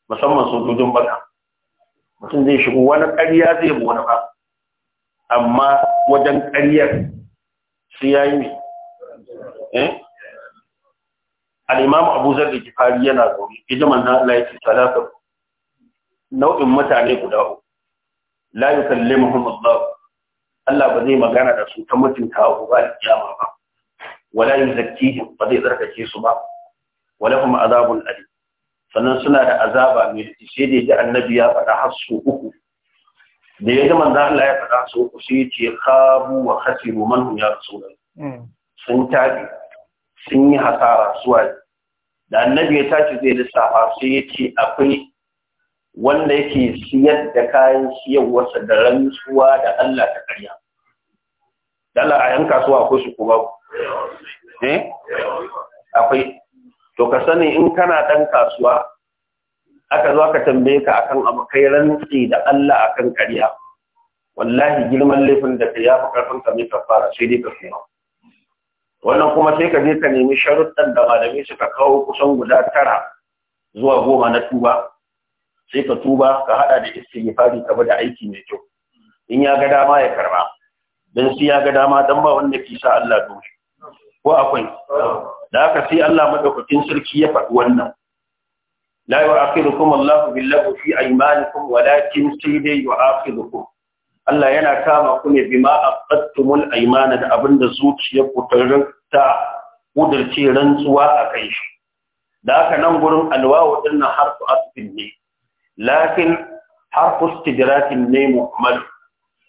musamman sojojin baka mutum zai shigo wani ƙarya zai bi wani ba amma wajen ƙaryar sai ya yi ne eh al'imamu abu da kifari yana zaune ijiman na Allah ya ce salatar nau'in mutane guda uku la yukallimuhum Allah Allah ba zai magana da su ta mutunta wa ba da kiyama ba wala yuzakkihim ba zai tsarkake su ba wala kuma azabun alim sannan suna da azaba mai sai da ji annabi ya faɗa har su uku da ya ji manzo Allah ya faɗa su uku sai ya ce khabu wa khasiru man hum ya rasulullah hmm. sun tabi sun yi hasara suwa da annabi ya tashi zai lissafa sai ya ce akwai wanda yake siyar da kayan siyarwarsa da rantsuwa da Allah ta ƙarya. Dala a yan kasuwa akwai su kuma Eh? Akwai. To ka sani in kana ɗan kasuwa, aka zo aka tambaye ka akan abu kai rantsi da Allah akan ƙarya. Wallahi girman laifin da ka yafi ƙarfin ka mai kafara sai dai ka kuma. Wannan kuma sai ka je ka nemi sharuɗɗan da malamai suka kawo kusan guda tara zuwa goma na tuba. sai ka tuba ka hada da istighfari ka da aiki mai kyau in ya ga dama ya karba dan sai ya ga dama dan ba wanda ke sa Allah dole ko akwai da haka sai Allah madaukakin sarki ya faɗi wannan la yu'akhidukum Allah billahu fi aymanikum walakin sayyidi yu'akhidukum Allah yana kama ku ne bima aqattumul aymana da abinda zuciyar ku ta kudirce rantsuwa a kai shi da haka nan gurin alwawu dinnan harfu asbin ne لكن حرف استدراك النيم مهمل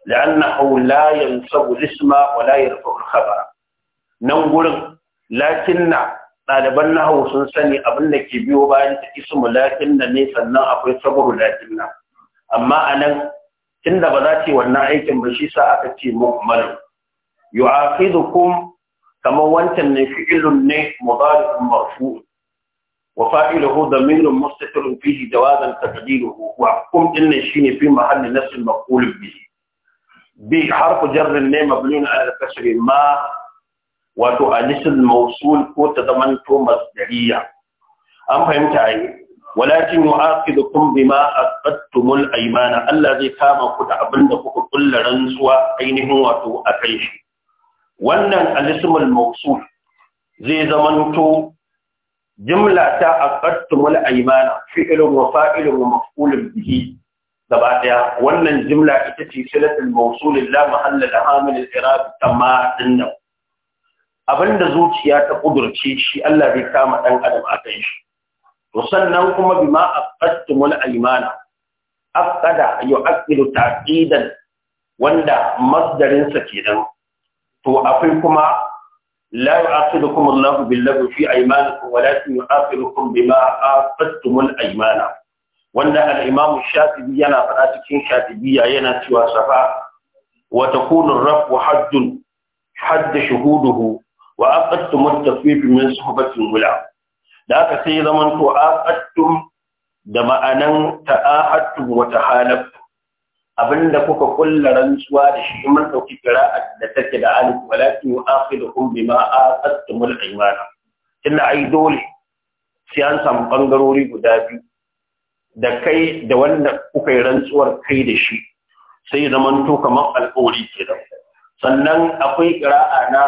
لأنه لا ينسب الاسم ولا يرفع الخبر نقول لكن ɗaliban nahawu sun sani abin da ke biyo bayan ta ismu lakin da ne sannan akwai sabaru lakin na amma a nan tun da ba za ce wannan aikin ba shi sa aka ce mu'mal yu'aqidukum kamar wancan ne fi'ilun ne mudari'un marfu وفاعله ضمير مستتر فيه جوازا تقديره وحكم ان الشين في محل نفس المقول به ب حرف جر النيم مبني على الكسر ما وتؤنس الموصول كو تضمنته مصدريه ام فهمت اي ولكن يؤاخذكم بما عقدتم الايمان الذي كما كنت abinda kuka kullu rantsuwa ainihin wato akai shi wannan al-ismul mawsul zai zamanto jimla ta aqattumul aymana fi'lun wa fa'ilun wa maf'ulun bihi gaba daya wannan jimla ita ce silatul mawsul la mahalla laha min al-i'rab tamma dinnan abinda zuciya ta kudurce shi Allah zai kama dan adam a kan shi to sannan kuma bima aqattumul aymana aqada yu'aqidu taqidan wanda masdarinsa kenan to akwai kuma لا يعاقبكم الله باللغو في ايمانكم ولكن يعاقبكم بما عاقبتم الايمان wannan al’imam shafi yana faɗa cikin shafibiya yana cewa safa wa ta kunin rafu hajjun hajjun shahuduhu wa aƙattun matafifin min sahabatin wula da aka sai zamanto aƙattun da ma'anan ta aƙattun wata halabta abinda kuka kulla rantsuwa da shi man dauki qira'a da take da alif walakin yu'akhidukum bima aqadtumul aymana tunda ai dole sai an samu bangarori guda biyu da kai da wanda kuka yi rantsuwar kai da shi sai zaman to kamar alƙawari kenan sannan akwai qira'a na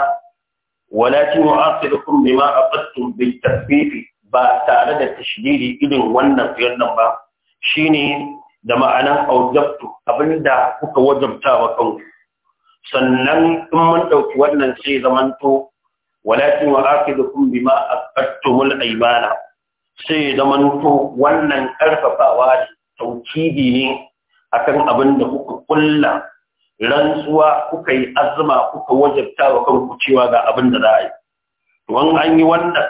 walakin yu'akhidukum bima aqadtum bil tasfifi ba tare da tashdidi irin wannan fiyan nan ba shine da ma'anan aujabtu abinda kuka wajabta wa kanku sannan in mun ɗauki wannan sai zamanto walakin wa akidukum bima aqattumul aymana sai zamanto wannan karfafawa tauhidi ne akan abin da kuka kulla rantsuwa kuka yi azma kuka wajabta wa kanku cewa ga abin da za a yi to an yi wannan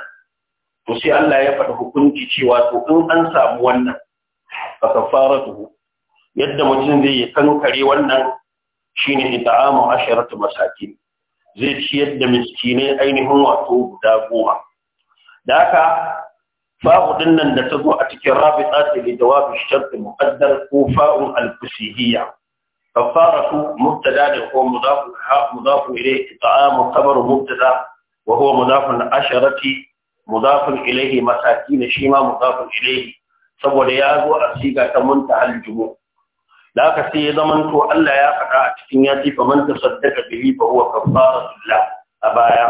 to sai Allah ya faɗi hukunci cewa to in an samu wannan fa kafaratuhu yadda mutum zai yi kankare wannan shine ita'amu asharatu masakin zai ciyar da miskinai ainihin wato guda goma da haka babu din da ta zo a cikin rabita ta li jawabi shart muqaddar ko fa'un al-kusihiyya kafaratu mubtada da ko mudafu ha mudafu ilayhi ita'amu khabar mubtada wa huwa mudafun asharati mudafun ilayhi masakin shi ma mudafun ilayhi saboda ya zo a siga ta munta aljumu da aka sai ya zaman to Allah ya faɗa a cikin ya ce fa man tasaddaqa bihi fa huwa kafaratullah a baya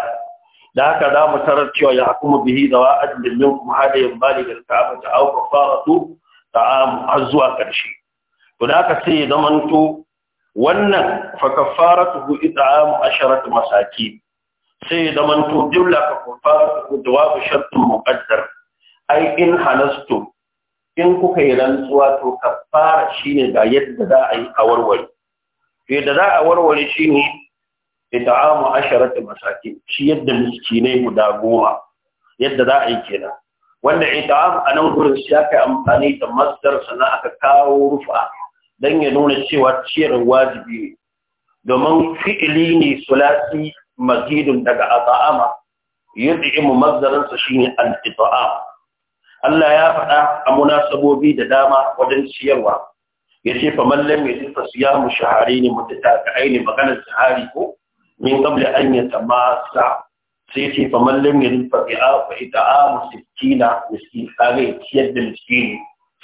da haka za mu tarar cewa ya hukumu bihi da wa adlin minkum hada yambali bil ka'aba ta au kafaratu ta'am har zuwa ƙarshe to da haka sai ya zaman to wannan fa kafaratuhu it'am asharat masaki? sai ya zaman to jumla ka kafaratuhu jawabu shartun muqaddar ai in halastu in kuka yi rantsuwa to kafara shine ga yadda za a yi a warware yadda za a warware shine ita'amu asharatu masakin shi yadda miskinai guda goma yadda za a yi kenan wanda ita'am a nan gurin shi aka amfani da masdar sana aka kawo rufa dan ya nuna cewa ciyar wajibi domin fi'ili ne sulasi mazidun daga ata'ama yadda imu masdaransa shine al-ita'am Allah ya faɗa a munasabobi da dama wajen ciyarwa ya ce fa mallam ya fa siyamu shahari ne mutata ka aini maganar sahari ko min qabla an yatamasa sai ce fa mallam ya fa bi'a fa ita'amu sittina miskin kare ciyar da miskin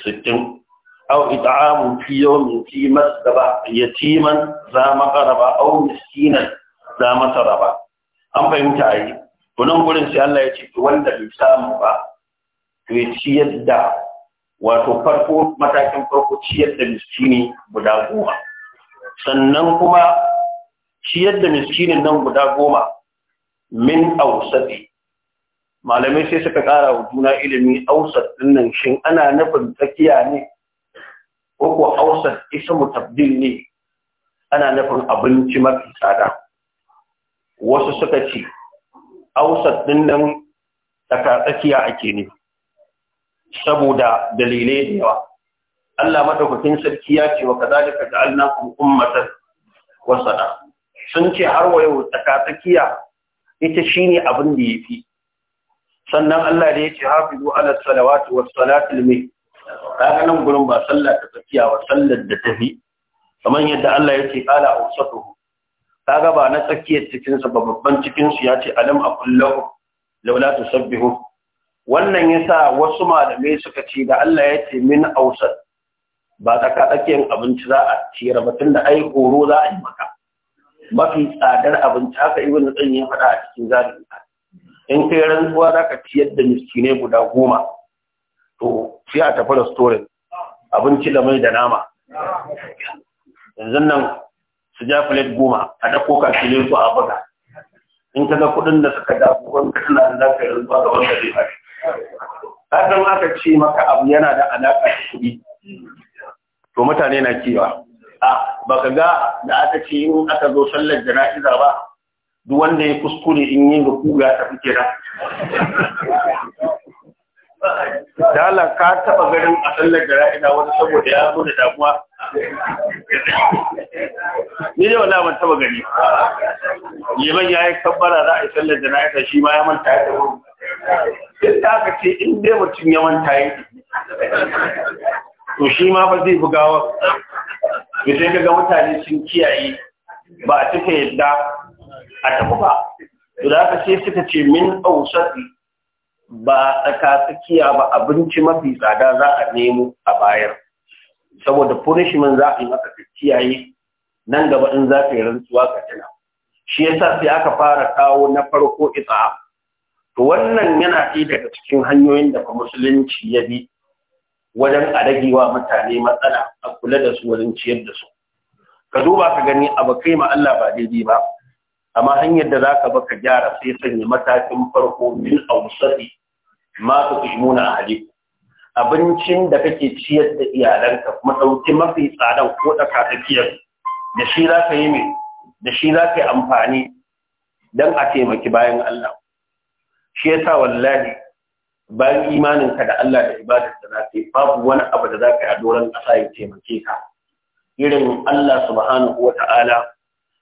sittin aw ita'amu fi yawmin fi masdaba yatiman za maqaraba aw miskinan za masaraba an fahimta yi kunan gurin sai Allah ya ce wanda bai samu ba to ya ciyar da wato farko matakin farko ciyar da miskini guda goma sannan kuma ciyar da miskinin nan guda goma min ausati malamai sai suka kara wa juna ilimi ausat dinnan shin ana nufin tsakiya ne ko ko ausat isa mutabdil ne ana nufin abinci mafi tsada wasu suka ce ausat dinnan nan tsaka tsakiya ake nufi saboda dalilai da yawa Allah madaukakin sarki ya ce wa kadalika ja'alnakum ummatan wasana sun ce har wa yau tsakatsakiya ita shine abin da yafi sannan Allah da ya ce hafizu ala salawati was salatil mai kaga nan gurin ba sallah ta tsakiya ba sallar da tafi kamar yadda Allah ya ce ƙala a wasatuhu ta gaba na tsakiyar cikinsa ba babban cikinsu ya ce alam a kullahu laula ta sabbihu wannan ya sa wasu malamai suka ce da Allah ya ce min ausar ba tsaka tsakiyar abinci za a ciyar ba tun da ai horo za a yi maka mafi tsadar abinci haka ibn zan yi faɗa a cikin zalin in kai rantsuwa za ka ciyar da miskinai guda goma to sai a tafi restoran abinci da mai da nama yanzu nan su ja filet goma a dako kakilin su a buga in ka ga kudin da suka dafu wanda kana da za ka yi rantsuwa ga wanda zai haɗu. Ƙasar aka ce maka abu yana da alaƙa da kuɗi, to mutane na kewa. A, baka ga da aka ce in aka zo sallar jana'iza ba, duk wanda ya kuskure in yi ruku ya tafi kira. Dala ka taɓa ganin a sallar jana'iza wani saboda ya zo da damuwa. Ni da wala ban taɓa gani. Yaman ya yi kabbara za a yi sallar jana'iza shi ma ya manta ya taɓa duk aka ce in dai mutum ya manta yi to shi ma ba zai fi gawa to ga mutane sun kiyaye ba a cika yadda a tafi ba to da aka ce suka ce min ausati ba tsaka tsakiya ba abinci mafi tsada za a nemo a bayar saboda punishment za a yi maka ka kiyaye nan gaba in za ka yi rantsuwa ka tuna shi yasa sai aka fara kawo na farko itsa to wannan yana ɗaya daga cikin hanyoyin da musulunci ya bi wajen a wa mutane matsala a kula da su wajen ciyar da su ka duba ka gani abu kai ma Allah ba daidai ba amma hanyar da zaka ba ka gyara sai sanya matakin farko min awsati ma tuqimuna ahli abincin da kake ciyar da iyalanka kuma dauki mafi tsadan ko da katakiyar da shi yi da shi za ka yi amfani don a taimaki bayan Allah shi yasa wallahi bayan imaninka da Allah da ibadar da za babu wani abu da zaka ka yi a doron ƙasa ya taimake ka irin Allah subhanahu wa ta'ala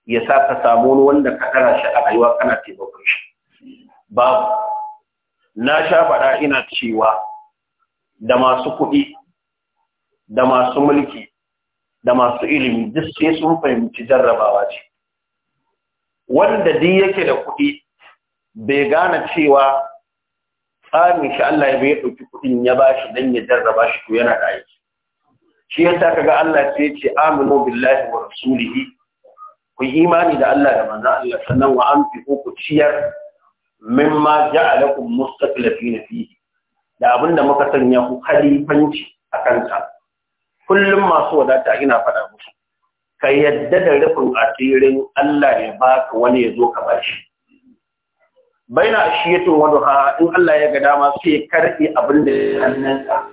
ya sa ka samu wanda ka kara shi a rayuwa kana taimakon shi babu na sha faɗa ina cewa da masu kuɗi da masu mulki da masu ilimi duk sai sun fahimci jarrabawa ce wanda duk yake da kuɗi bai gane cewa tsarin shi Allah ya bai ɗauki kuɗin ya ba shi don ya jarraba shi ko yana da aiki shi sa kaga Allah sai ce aminu billahi wa rasulihi ku imani da Allah da manzon Allah sannan wa fi ku ciyar mimma ja'alakum mustaqlifina fihi da abinda muka sanya ku khalifanci a kanta. kullum masu wadata ina faɗa musu ka yadda da rufin asirin Allah ya baka wani ya zo ka bashi baina yato wa ha in Allah ya ga dama sai karfi abin da hannunsa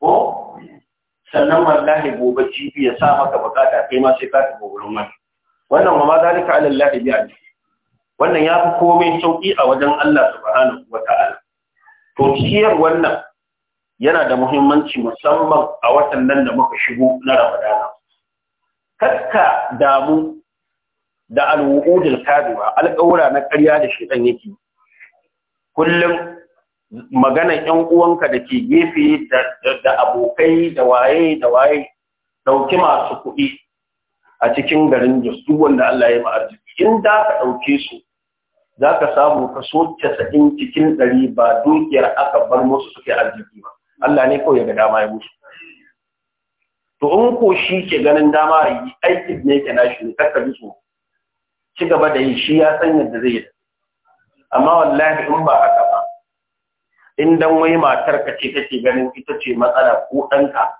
ko sannan wallahi gobe jibi ya sa maka bukata kai ma sai ka ta gurin wani wannan wa ma zalika ala Allah bi aji wannan ya fi komai sauki a wajen Allah subhanahu wa ta'ala to ciyar wannan yana da muhimmanci musamman a watan nan da muka shigo na Ramadana kakka damu da alwu'udul kadiba alƙawura na ƙarya da shedan yake kullum maganar 'yan uwanka da ke gefe da abokai da waye da waye ɗauki masu kuɗi a cikin garin Jos duk wanda Allah ya arziki. in da ka ɗauke su za ka samu kaso casa'in cikin ɗari ba dukiyar aka bar musu suke arziki ba Allah ne kawai ga dama ya musu to in ko shi ke ganin dama yi aikin ne ke nashi ne kakka ji ci gaba da yi shi ya san yadda zai yi amma wallahi in ba haka ba in dan wai matar ka ce kake ganin ita ce matsala ko ɗanka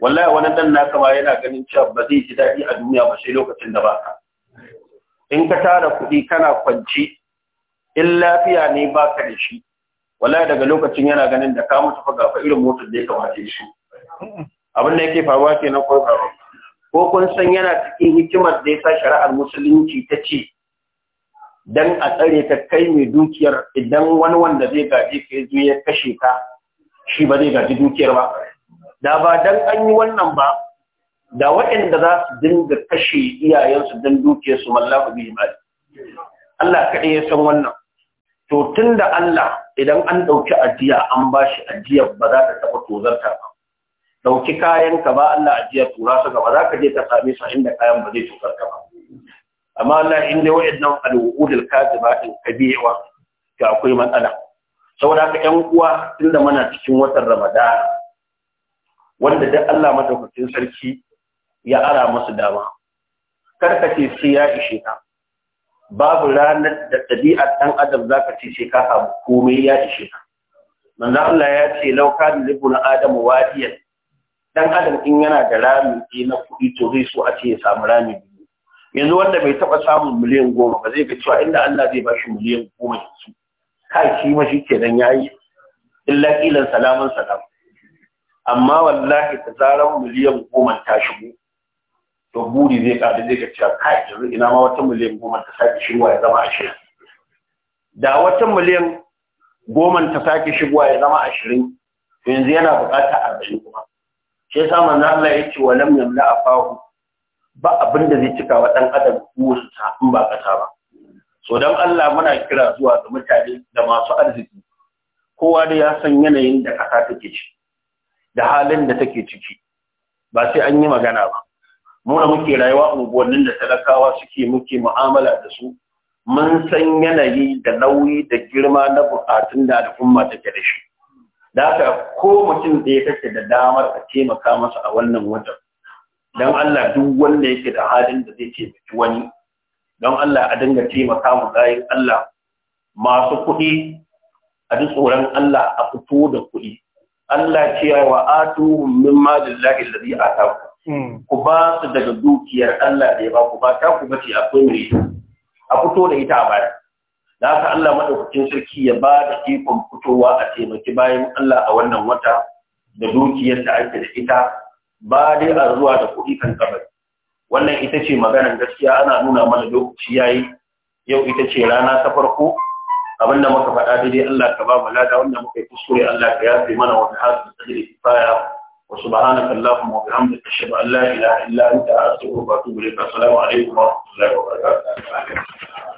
wallahi wani dan naka ma yana ganin cewa ba zai ji daɗi a duniya ba sai lokacin da ba ka in ka tara kuɗi kana kwanci in lafiya ne ba ka da shi wallahi daga lokacin yana ganin da ka mutu fa gafa irin motar da ya kamace shi abin da yake faruwa kenan ko faruwa ko kun san yana cikin hikimar da ya sa shari'ar musulunci ta ce dan a tsare ta kai mai dukiyar idan wani wanda zai gaji ka ya zo ya kashe ka shi ba zai gaji dukiyar ba da ba dan an yi wannan ba da waɗanda za su dinga kashe iyayensu don dukiyarsu mallahu bihi mali Allah kaɗai ya san wannan to tun da Allah idan an ɗauki ajiya an ba shi ajiyar ba za ta taɓa tozarta ba ɗauki kayan ka ba Allah ajiya tura su gaba za ka je ka same su inda kayan ba zai cutar ka ba amma Allah in dai wa'annan al'udul kaziba in kabiwa ga akwai matsala saboda haka ƴan uwa tunda muna cikin watan Ramadan wanda duk Allah madaukakin sarki ya ara musu dama karkace sai ya ishe ka babu ranar da ɗabi'ar ɗan adam za ka ce sai ka samu komai ya ishe ka manzo Allah ya ce lauka da libun adamu wadiyan dan adam in yana da rami ɗaya na kuɗi to zai so a ce ya samu rami biyu yanzu wanda bai taɓa samun miliyan goma ba zai ga cewa inda Allah zai ba shi miliyan goma yanzu kai shi ma shi kenan ya yi illa ƙilan salaman salam amma wallahi ta zaran miliyan goma ta shigo to buri zai ƙaru zai ga cewa kai yanzu ina ma wata miliyan goma ta sake shigowa ya zama ashirin da wata miliyan goma ta sake shigowa ya zama ashirin to yanzu yana buƙata arba'in kuma shi yasa manzo Allah ya ce walam yamla afahu ba abin da zai cika wa dan adam musu in ba kasa ba so dan Allah muna kira zuwa ga mutane da masu arziki kowa da ya san yanayin da kasa take ci, da halin da take ciki ba sai an yi magana ba mu da muke rayuwa unguwannin da talakawa suke muke mu'amala da su mun san yanayi da nauyi da girma na bukatun da al'umma take da shi da haka ko mutum ɗaya kake da damar a taimaka masa a wannan watan don Allah duk wanda yake da halin da zai taimaki wani don Allah a dinga taimaka mu bayan Allah masu kuɗi a ji tsoron Allah a fito da kuɗi Allah cewa wa atu min malillahi alladhi ataku hmm. ku ba su daga dukiyar Allah da ya ba ku ba ta ku bace akwai mai a fito da ita a baya da haka Allah madaukakin sarki ya ba da ikon fitowa a taimaki bayan Allah a wannan wata da dukiyar da ake da ita ba dai a zuwa da kuɗi kan kabari wannan ita ce maganar gaskiya ana nuna mana lokaci yayi yau ita ce rana ta farko abin da muka faɗa daidai Allah ka ba mu lada wanda muka yi kuskure Allah ka yafe mana wa bihasu tajri kifaya wa subhanaka allahumma wa bihamdika ashhadu an la ilaha illa anta astaghfiruka wa atubu ilayk assalamu alaikum wa rahmatullahi wa barakatuh